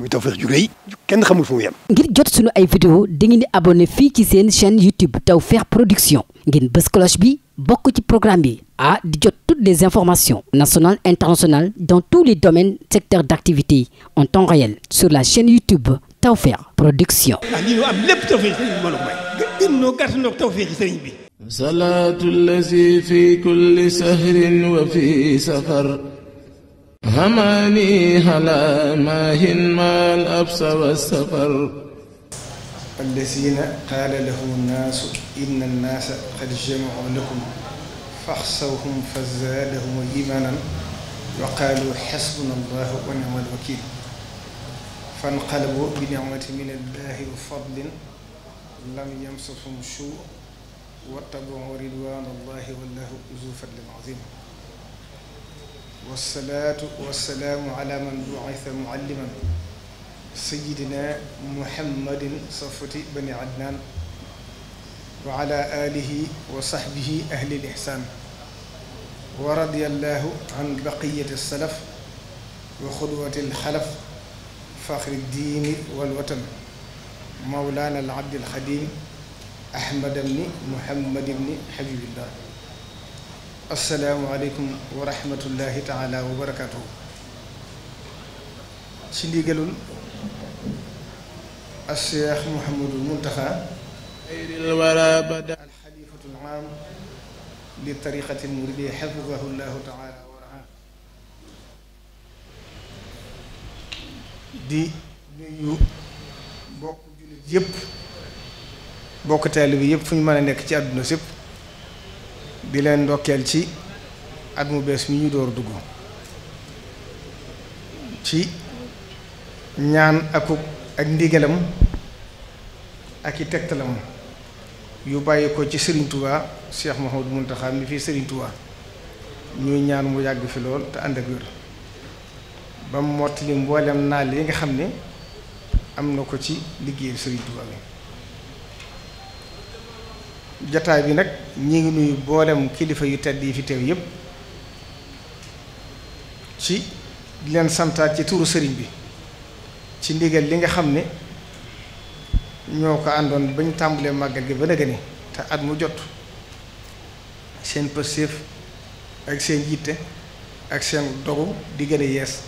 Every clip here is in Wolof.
muy Tawfekh ju rëy kenn xamul fu mu jot sunu ay bi bokk ci programme bi ah di jot toutes les informations nationales internationales dans tous les domaines secteurs d'activité en temps réel sur la chaîne YouTube Tawfekh Production. ah lii ñu am lépp Tawfekh sëriñ bi mbooloo mooy. gën gën ñoo gàtt ñoo Tawfekh sëriñ bi. salaatu lazi fi kulli sahrin wa fi safar. hamani hala mahin mal absa wa safar allazina qaala lahum annaasu inna annaasa qad jamacuu lakum faxsawhum fa zaadahum imaanan wa qaalu xasbuna allahu wa nicma alwakiil fanqalabu bi nicmatin min allahi wa fadlin lam yamsashum suu wattabacuu ridwaana allahi wallahu zu fadlin aziim wasalaatu wasalaamu ala man bu'itha mualliman sayidina muhammadin safati bani adnaan wa ala alihi wa sahbihi ahli lihsaan wa radiyallahu an baqiyati salaf wa xudwati alxalaf faxri diini walwatan mawlaana al abdi alxadim ahmad ibni muhammad ibni habibillah asalaamualeykum wa rahmatullahi taala wa barakaatuhu ci ndigalul Cheikh Mouhamadul Muntaxa alxalifatul aam li tariqati lmuridi xafidahu llahu taala wa raa di bokk jullit yépp bokk taalibi yépp fu ñu mën a nekk ci àdduna sépp di leen ndokkeel ci at mu bees mi ñu door dugg ci ñaan akuk ak ndigalam ak i tegtalam yu bàyyi ko ci Serigne Touba Cheikh Mouhamadou Mountakha mi fii Serigne Touba ñuy ñaan mu yàgg fi lool te ànd ak wér ba mottali mboolem naal yi nga xam ni am na ko ci liggéey Serigne bi jataay bi nag ñi ngi nuyu boolem kilifa yu tedd yi fi teew yépp ci di leen santaat ci tuuru sëriñ bi ci ndigal li nga xam ne ñoo ko àndoon bañ tàmbalee màggal gi ba na gëne te at mu jot seen pëstéef ak seen yitte ak seen dogu di gën a yees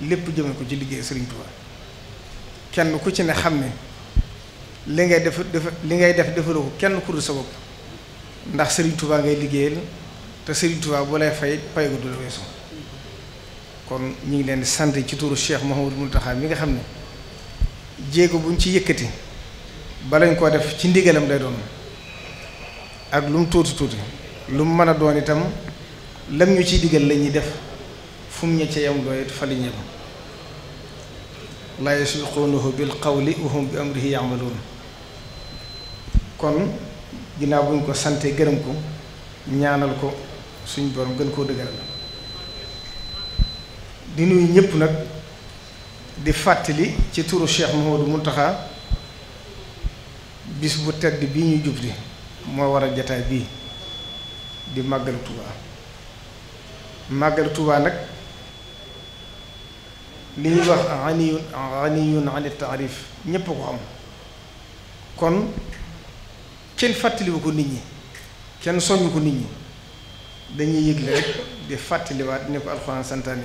lépp jëme ko ci liggéey sëriñ Tuubaa kenn ku ci ne xam li ngay def li ngay def defaloo ko kenn ku dul sa bopp ndax Serigne Touba ngay liggéeyal te Serigne Touba bu lay fay pay ko du la kon ñu ngi leen di sant ci turu Cheikh Mouhamadou Mountakha mi nga xam ne jéego buñ ci yëkkati balañ koo def ci ndigalam day doon ak lu mu tuuti tuuti lu mu mën a doon itam lam ñu ciy digal la ñuy def fu mu ña ca yam doyet fa li ñëpp laa yasbiquunahu bil qawli wa hum bi amrihi ya'maluun kon ginnaaw bu ñu ko santee gërëm ko ñaanal ko suñ borom gën koo dëgëral di nuyu ñëpp nag di fàttali ci turu Cheikh Mouhamadou Mountakha bis bu tedd bi ñu jubli moo waral jataay bii di màggalu Tuubaa màggalu Tuubaa nag li ñuy wax aniyun aniyun ani taarif ñépp ko am kon kenn fàttaliwu ko nit ñi kenn soññu ko nit ñi dañuy yëgle rek di fàttaliwaat ne ko alxuraan santaane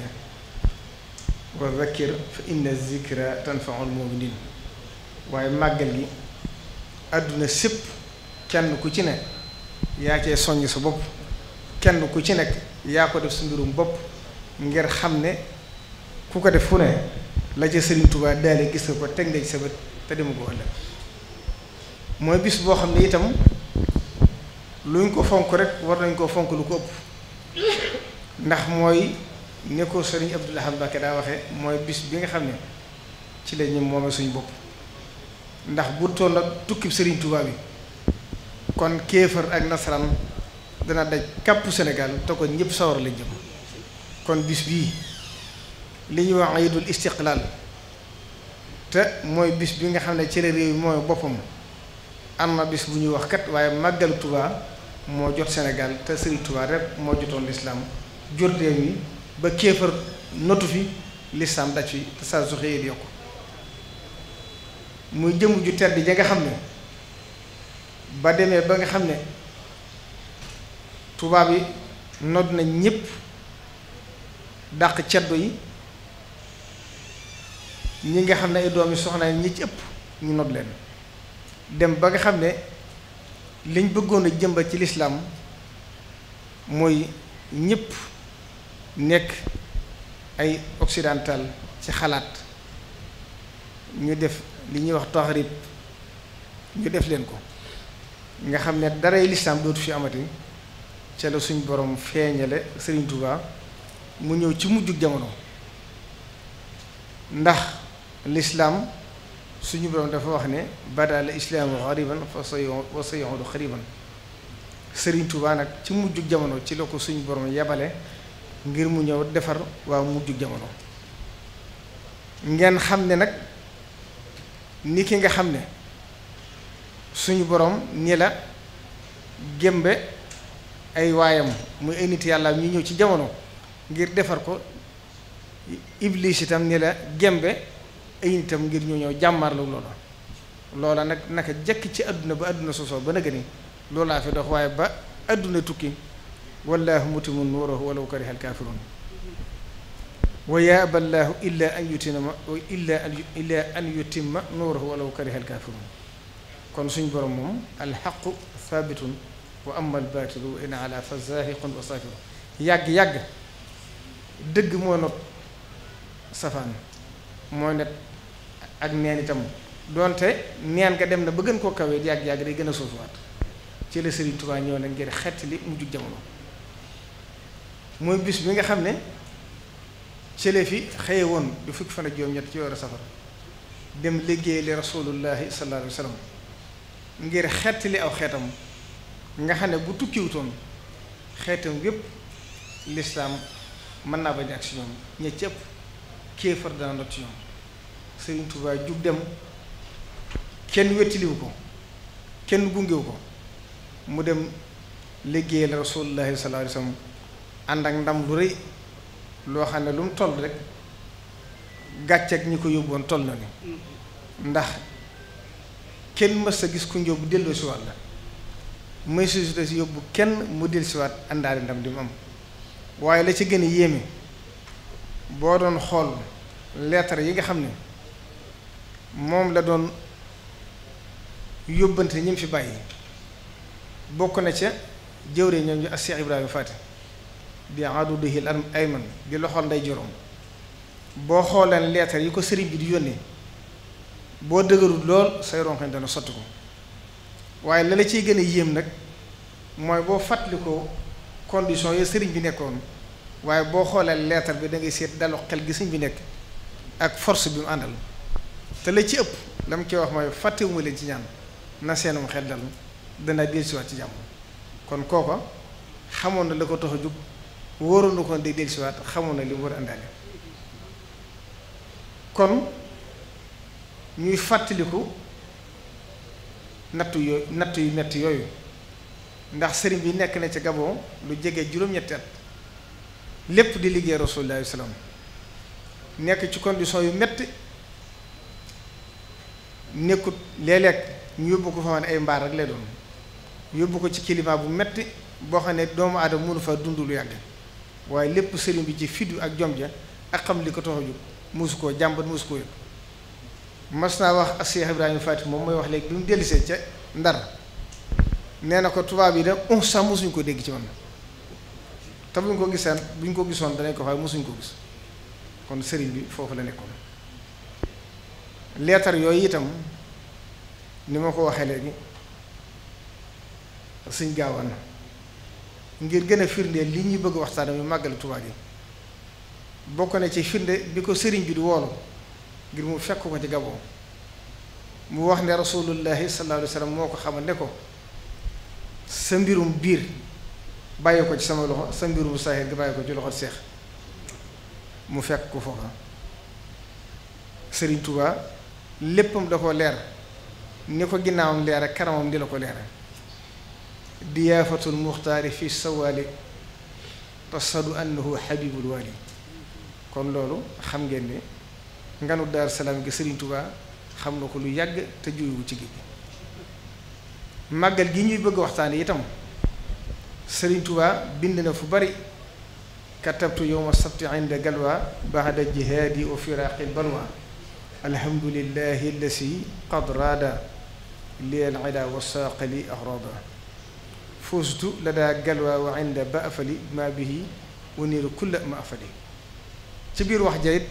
wa zakkir fa inna zikra tanfaul muminin waaye màggal gi àdduna sépp kenn ku ci ne yaa cee soññ sa bopp kenn ku ci nekk yaa ko def sa mbirum bopp ngir xam ne ku ko def fu ne la ca Sëriñ Tuubaa daale gis nga ko teg na sa bët te demu ko ëllëg mooy bis boo xam ne itam luñ ko fonk rek war nañ koo fonk lu ko ëpp ndax mooy ne ko sëriñ Abdou Lahad Mbacké daa waxee mooy bis bi nga xam ne ci la ñu moome suñu bopp ndax bu toll ak tukki sëriñ tubaab bi kon kéefar ak nasaraan dana daj kàpp Sénégal te ko ñëpp sawar la jëm kon bis bii li ñuy wax ayidul istiqlaal te mooy bis bi nga xam ne ci la réew mi mooy boppam am na bis bu ñuy wax kat waaye màggal Touba moo jot senegal te Serigne Touba rek moo jotoon lislaam jur réew yi ba kéefar notu fi lislaam daj fi te saa su xëyee muy jëm ju tedd ja nga xam ne ba demee ba nga xam ne tubaab yi not na ñépp dàq ceddo yi ñi nga xam ne ay doomi soxna ñi ci ëpp ñu nodd leen dem ba nga xam ne liñ bëggoon a jëmbat ci lislaam mooy ñëpp nekk ay occidental ci xalaat ñu def li ñuy wax toxarit ñu def leen ko nga xam ne daray lislaam dootu fi amati ca la suñ borom feeñale Sëriñ Tuubaa mu ñëw ci mujjug jamono ndax lislaam suñu borom dafa wax ne badaal islaamu xariban fa sa yo wa sa yoxodu xariban sëriñ nag ci mujjug jamono ci la ko suñu borom yabale ngir mu ñëw defar waa mujjug jamono ngeen xam ne nag ni ki nga xam ne suñu boroom ni la gémbe ay waayam muy ay nit yàlla ñu ñëw ci jamono ngir defar ko iblis itam ni la gémbe ay nitam ngir ñu ñëw jàmmarlu loola loola nag naka jekk ci àdduna ba àdduna sosoo ba nag ni loolaa fi dox waaye ba àdduna tukki wallaahu mutimu nuurahu walaw kariha alkaafiruun wa yaaba llaahu illa an yutima illa an illa an yutimma nuurahu walaw kariha alkaafiruun kon suñ borom moom alxaqu saabitun wa amma albaatilu in ala fa zaahiqun wa saafiru yàgg-yàgg dëgg moo ak neen itam donte neen nga dem na ba gën koo kawee yàgg yàgg day gën a suufuwaat ci la Serigne ñoo ne na ngir xettali mu jug jamono mooy bis bi nga xam ne ci fi xëye woon du fukki fan ak juróom-ñett ci weeru safar dem liggéey li rasulullahi sallallahu alayhi wa ngir xettali aw xeetam nga xam ne bu tukkiwutoon xeetam gépp lislaam mën naa bañ ak si ñoom ña cëpp kéefar dana ndot ñoom Serigne Touba jug dem kenn wettiliwu ko kenn gungewu ko mu dem liggéeyal la sallallahu alayhi wa sallam ànd ak ndam lu rëy loo xam ne lu mu toll rek gàcceeg ñi ko yóbboon toll na ni ndax kenn mës sa gis ku njóob bu delloo si waat la may susita si yóbbu kenn mu del si waat ndam di mu am waaye la ci gën a yéeme boo doon xool lettre yi nga xam ne moom la doon yóbbante ñi mu fi bàyyi bokk na ca jëwre ñoom ñu ak Cheikh Ibrahima Fati bi adudihi ay man di loxol nday jorom boo xooleen leetar yi ko sëriñ bi di yónnee boo dëgërul lool say ronkañ dana sotti ko waaye la la ciy gën a yéem nag mooy boo fàttalikoo condition yi sëriñ bi nekkoon waaye boo xoolee leetar bi da ngay seet dalu xel gi bi nekk ak force bi mu àndal te la ci ëpp la mu koy wax mooy fàttewuma leen ci ñaan na seenum xel dal dana siwaat ci jàmm kon kooka xamoon na la ko tox a jug wóoroon na ko day dellusiwaat xamoon na li mu war a àndaale kon ñuy fàttaliku nattu yooyu nattu yu metti yooyu ndax sëriñ bi nekk na ci Gabon lu jege juróom-ñetti at lépp di liggéey Rasulullah sallam nekk ci condition yu metti nekkut léeg-léeg ñu yóbbu ko fa ay mbaar rek lay doon yóbbu ko ci kilimaa bu metti boo xam ne doomu aadama mënu fa dund lu yàgg waaye lépp sëriñ bi ci fiddu ak jom ja ak xam li ko tax a jóg mosu koo jàmbat mosu koo yëpp mas naa wax ak Cheikh Ibrahima Fatick moom mooy wax léegi bi mu dellisee ca Ndar nee na ko tubaab yi de on sax mosuñ ko dégg ci man te buñ ko gisaan buñ ko gisoon danañ ko fay mosuñ ko gis kon sëriñ bi foofu la nekkoon. leetar yooyu itam ni ma ko waxee léegi suñ gaawaan ngir gën a firndeel li ñuy bëgg waxtaan bi màggal Tuubaa yi bokk na ci firnde bi ko sëriñ bi du woolu ngir mu fekk ko ci Gabon mu wax ne rasulullahi sallallahu alayhi wa moo ko xamal ne ko sa mbirum biir bàyyi ko ci sama loxo sa mbirum saaxir gi bàyyi ko ci loxo seex mu fekk ko foofa sëriñ Tuubaa léppam da koo leer ni ko ginnaawam leer karamam di la ko leer diyaafatul muxtaari fi sawaali tasadu annahu xabibul waali kon loolu xam ngeen ne nganu Daaru Salaam gi Sëriñ Tuubaa xam na ko lu yàgg te juyewu ci géej màggal gi ñuy bëgg waxtaane itam Sëriñ Tuubaa bind na fu bari katabtu yowma sabti inda galwa baxda jihaadi wa firaaqil alhamdulillahi allasi qad raada li al ida wasaaqali ahraada ladaa galwaa wa inda ba ma bihi uniru kulla ma ci biir wax jayit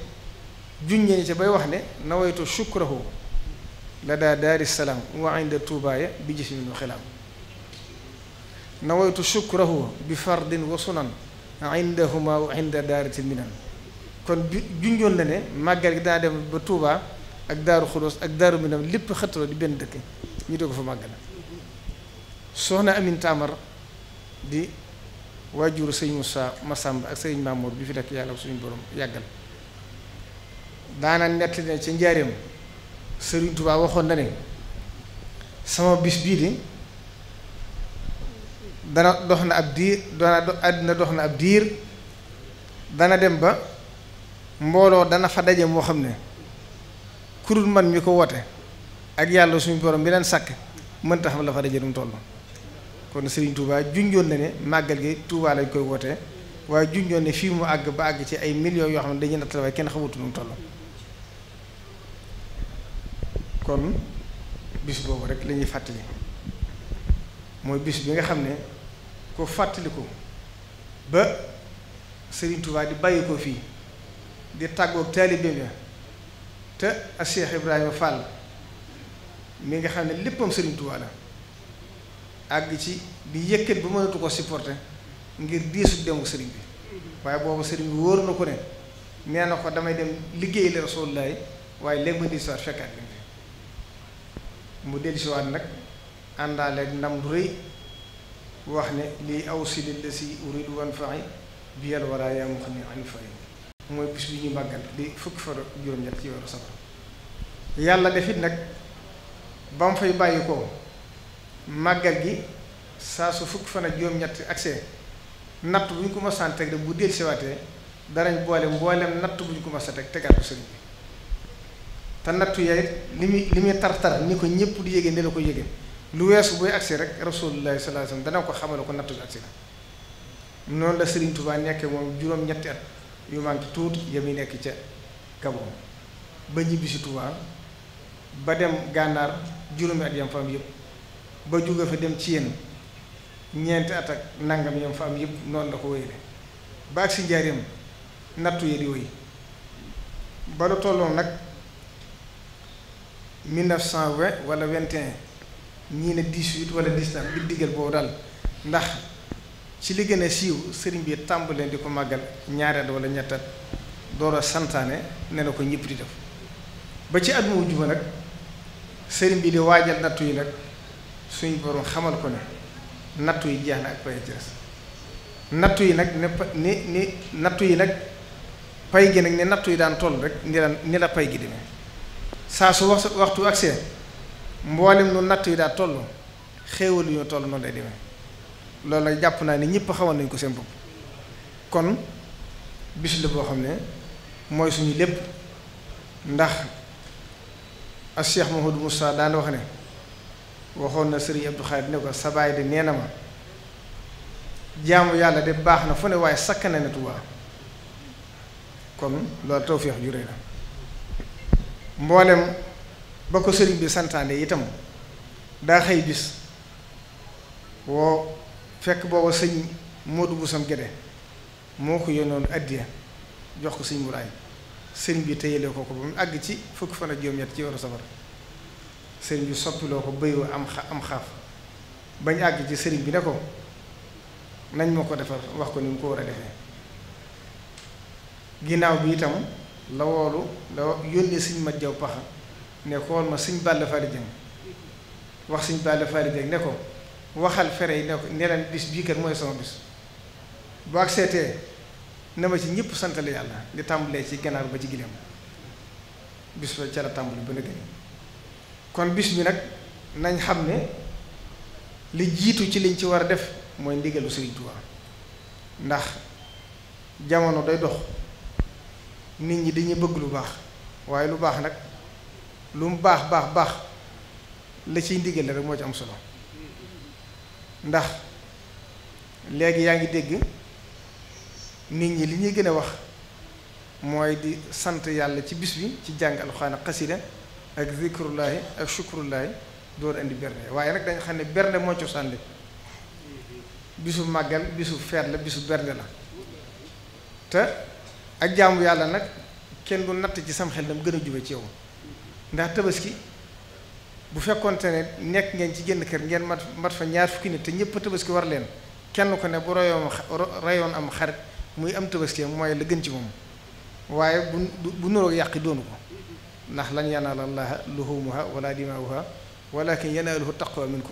junñeeni ci bay wax ne nawaytu shukrahu ladaa daari salaam wa inda tuubaaya bi jismin wa xilaam nawaytu bi fardin wa sunan indahuma wa inda daarati minan kon bi junjoon na ne màggal gi daa dem ba Touba ak Daaru Xudoos ak Daaru Minam lépp xëttaloo di benn dëkk ñu dee ko fa màggal soxna Amin Tamar di waajuru sëñ Moussa Massamba ak sëñ Mamour bi fi nekk yàlla suñu borom yàggal daana nett ne ca njaareem Sëriñ Touba waxoon na ne sama bis bii de dana dox na ab diir dana dox na ab diir dana dem ba mbooloo dana fa daje moo xam ne kurul man mi ko woote ak yàlla suñu borom bi leen sàkk mënta xam la fa daje dum toll kon Serigne Touba junjoon na ne màggal gi tuubaa lañ koy wootee waaye junjoon ne fii mu àgg ba àgg ci ay million yoo xam ne dañuy nattale waaye kenn xamutu nu mu kon bis boobu rek lañuy fàttali mooy bis bi nga xam ne ko fàttaliku ba Serigne Touba di bàyyi ko fii. di tàggoog taalibeem ya te a Cheikh Ibrahima Fall mi nga xam ne léppam Sëriñ Tuubaa la àgg ci di yëkkat ba mënatu ko supporter ngir diisu demu sëriñ bi waaye boobu sëriñ bi wóor na ko ne nee na ko damay dem liggéey la Rasulullaay waaye léegi ma di soir fekkaat li fi mu dellusiwaat nag àndaaleeg ndam du rëy wax ne lii aw si li la si uridu wan faxi biyal waraaya mu xam ne an faxi mooy bis bi ñu màggal bi fukki fan ak juróom-ñett ci weeru safar yàlla defit nag ba mu fay bàyyi ko màggal gi saa su fukki fan ak juróom-ñett accès natt bu ñu ko mos a teg rek bu dellu siwaatee danañ boole mboolem natt bu ko mos a teg tegaat ko sëriñ bi te nattu yaay li muy li muy tar tar ni ko ñëpp di yége ne la ko yége lu weesu buy agsi rek rasulullahi sallallahu alayhi wasallam dana ko xamal ko nattu bi agsi la noonu la Sëriñ Tuubaa nekkee moom juróom-ñetti at yu manqué tuut yamuy nekk ca Gabon ba ñibbi si Touba ba dem gànnaar juróomi at yam fa am yëpp ba jóge fa dem ci yéen ñeenti at ak nangam yam fa am yëpp noonu la ko wéyale ba ak si njaareem nattu yi di wéy ba lu tolloon nag 1920 wala 21 ñii ne 18 wala 19 bi diggal boobu daal ndax ci li gën siiw sëriñ bi tàmbalee di ko màggal ñaareel wala ñettat door a santaane ne na ko ñëpp di def ba ci at mu juba nag sëriñ bi di waajal nattu yi nag suñ borom xamal ko ne nattu yi jeex na ak pay ci nattu yi nag ne nattu yi nag pay gi nag ni nattu yi daan toll rek ni la ni la pay gi demee saa su wax waxtu accès mboolem nu nattu yi daa toll xéewal yu ñu toll noonu lay demee loolu nag jàpp naa ne ñëpp xawoon nañ ko seen bopp kon bis la boo xam ne mooy suñu lépp ndax ak Cheikh Mahoud Moussa daan wax ne waxoon na Serigne Abdou Khadir ne ko sa baay de nee na ma jaamu yàlla de baax na fu ne waaye sakk na ne Tuubaa kon loolu tawféex ju rëy la ba ko sëriñ bi santaane itam daa xëy bis woo fekk booba sëñ Modou Boussam Guédé moo ko yónnoon addiya jox ko sëñ Moulaay sëñ bi tëyelee ko ko ba mu àgg ci fukki fan ak juróom-ñett war a safar sëñ bi soppiloo ko bëyoo am xa am xaaf bañ àgg ci sëriñ bi ne ko nañ ma ko defar wax ko ni mu ko war a defee ginnaaw bi itam la woolu la yónnee sëñ Mat Jaw Paxa ne xool ma sëñ Balla Faali Jeng wax sëñ Balla Faali Jeng ne ko waxal fere yi ne ne bis bii kat mooy sama bis bu ak seetee na si ci ñëpp santale yàlla li tàmbulee ci ganaar ba ci gileem bis ba ca la tàmbali ba nëgg ni kon bis bi nag nañ xam ne li jiitu ci liñ ci war a def mooy lu si Sëriñ Tuubaa ndax jamono day dox nit ñi dañuy bëgg lu baax waaye lu baax nag lu mu baax baax baax la ciy ndigal rek moo ci am solo ndax léegi yaa ngi dégg nit ñi li ñuy gën a wax mooy di sant yàlla ci bis bi ci jàng alxuraan ak xasida ak zikrullaahi ak shukrullaahi door indi bernde waaye nag dañ xam ne bernde moo cosaan li bisu màggal bisu feet la bisu bernde la te ak jaamu yàlla nag kenn du natt ci sam xel dam gën a jube ci yow ndax tabaski bu fekkonte ne nekk ngeen ci génn kër ngeen mat mat fa ñaar fukki nit te ñëpp tabaski war leen kenn ku ne bu rayoon rayoon am xarit muy am tabaski mooy la gën ci moom waaye bu bu nuroog yàqi doonu ko ndax lan yanaala llaaha luhuumuhaa wala dimaa'uhaa walaakin yanaaluhu taqwa ko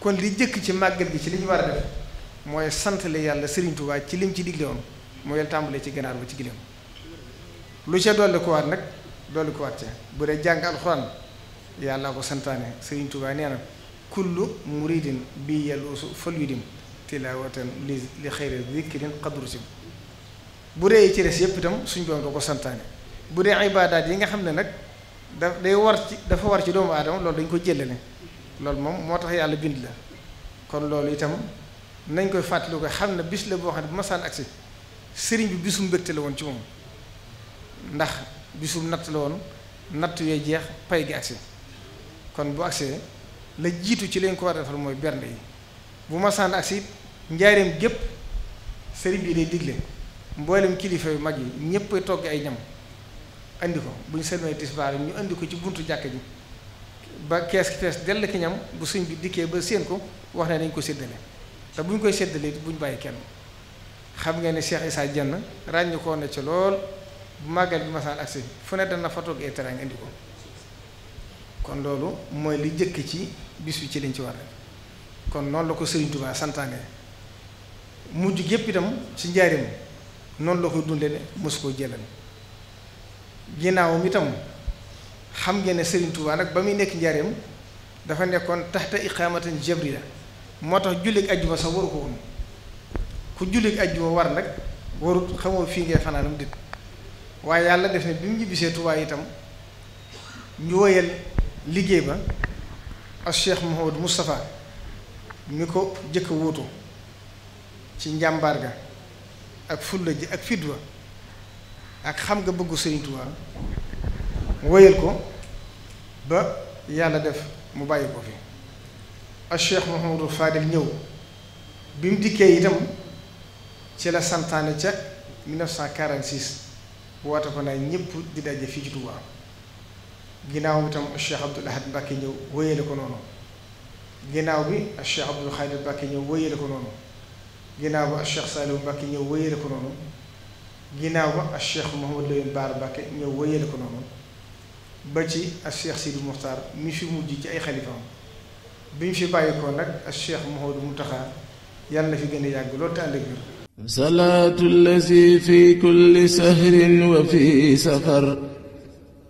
kon li jëkk ci màgget gi ci li war a def mooy santale yàlla Sëriñ Tuubaa ci lim ci digle woon mooy tàmbalee ci ganaar ba ci gileem lu ca dolli ko waat nag dolli ko waat ca bu dee jàng alxuraan yàlla ko santaane Sëriñ Tuubaa nee na kullu muridin bi yelluusu fal yu dim tilaawatan li li bi xëyri zikrin xadru si bu dee ci des yépp itam suñ borom da ko santaane bu dee ibaadaat yi nga xam ne nag da day war ci dafa war ci doomu aadama loolu dañ ko jëlale loolu moom moo tax yàlla bind la kon loolu itam nañ koy fàttaliku xam ne bis la boo xam ne bu masaan agsi sëriñ bi bisum mbégte la woon ci moom ndax bisum natt la woon natt yooyu jeex pay gi agsi kon bu agsee la jiitu ci lañ ko war a defal mooy bernde yi bu masaan sànn agsi njaareem gépp sëriñ bi day digle mboolem kilifa yu mag yi ñëpp togg ay ñam indi ko bu ñu sëlmay tisbaar ñu indi ko ci buntu jàkk ji ba kees fees dell ki ñam bu sëñ bi dikkee ba séen ko wax ne dañ ko séddale te buñ koy séddalee bu bàyyi kenn xam nga ne Cheikh Issa Dieng ràññu ko ne ci lool bu màggal bi masaan agsi fu ne dana fa togg ay teraanga indi ko kon loolu mooy li jëkk ci bis bi ci liñ ci war kon noonu la ko Serigne Touba santaane mujj gépp itam ci njaarim noonu la ko dunde de mosu koo jëlal ginnaawam itam xam ngeen ne Serigne Touba nag ba muy nekk njaarim dafa nekkoon taxta iqaamatan jabri la moo tax julleek ajjuma sax waru ko woon ku julleek ajjuma war nag warut xamoo fii ngay fanaanam dit waaye yàlla def ne bi mu ñibbisee Touba itam ñu woyal liggéey ba ak Cheikh Mouhamadou Moustapha mi ko jëkk wuutu ci njàmbaar ga ak fulla ji ak fit wa ak xam nga bëggu Sëriñ Tuubaa wéyal ko ba yàlla def mu bàyyi ko fi ak Cheikh Mouhamadou ñëw bi mu dikkee itam ci la santaane ca 1946 woote ko naa ñëpp di daje fii ci Tuubaa ginnaaw bi tam Cheikh Abdoul Ahad Mbacké ñëw wéyale ko noonu ginnaaw bi Cheikh Abdoul Khadir Mbacké ñëw wéyale ko noonu ginnaaw ba Cheikh Saliou Mbacké ñëw wéyale ko noonu ginnaaw ba Cheikh Mouhamadou Lamine Bara Mbacké ñëw ko noonu Cheikh Sidi Moukhtar mi fi mujj ci ay xalifaam bi ñu fi bàyyikoo nag Cheikh Mouhamadou Mountakha yàlla na fi gën a yàgg loolu te ànd ak biir. salaatu lazi fi kulli sahrin wa fi safar.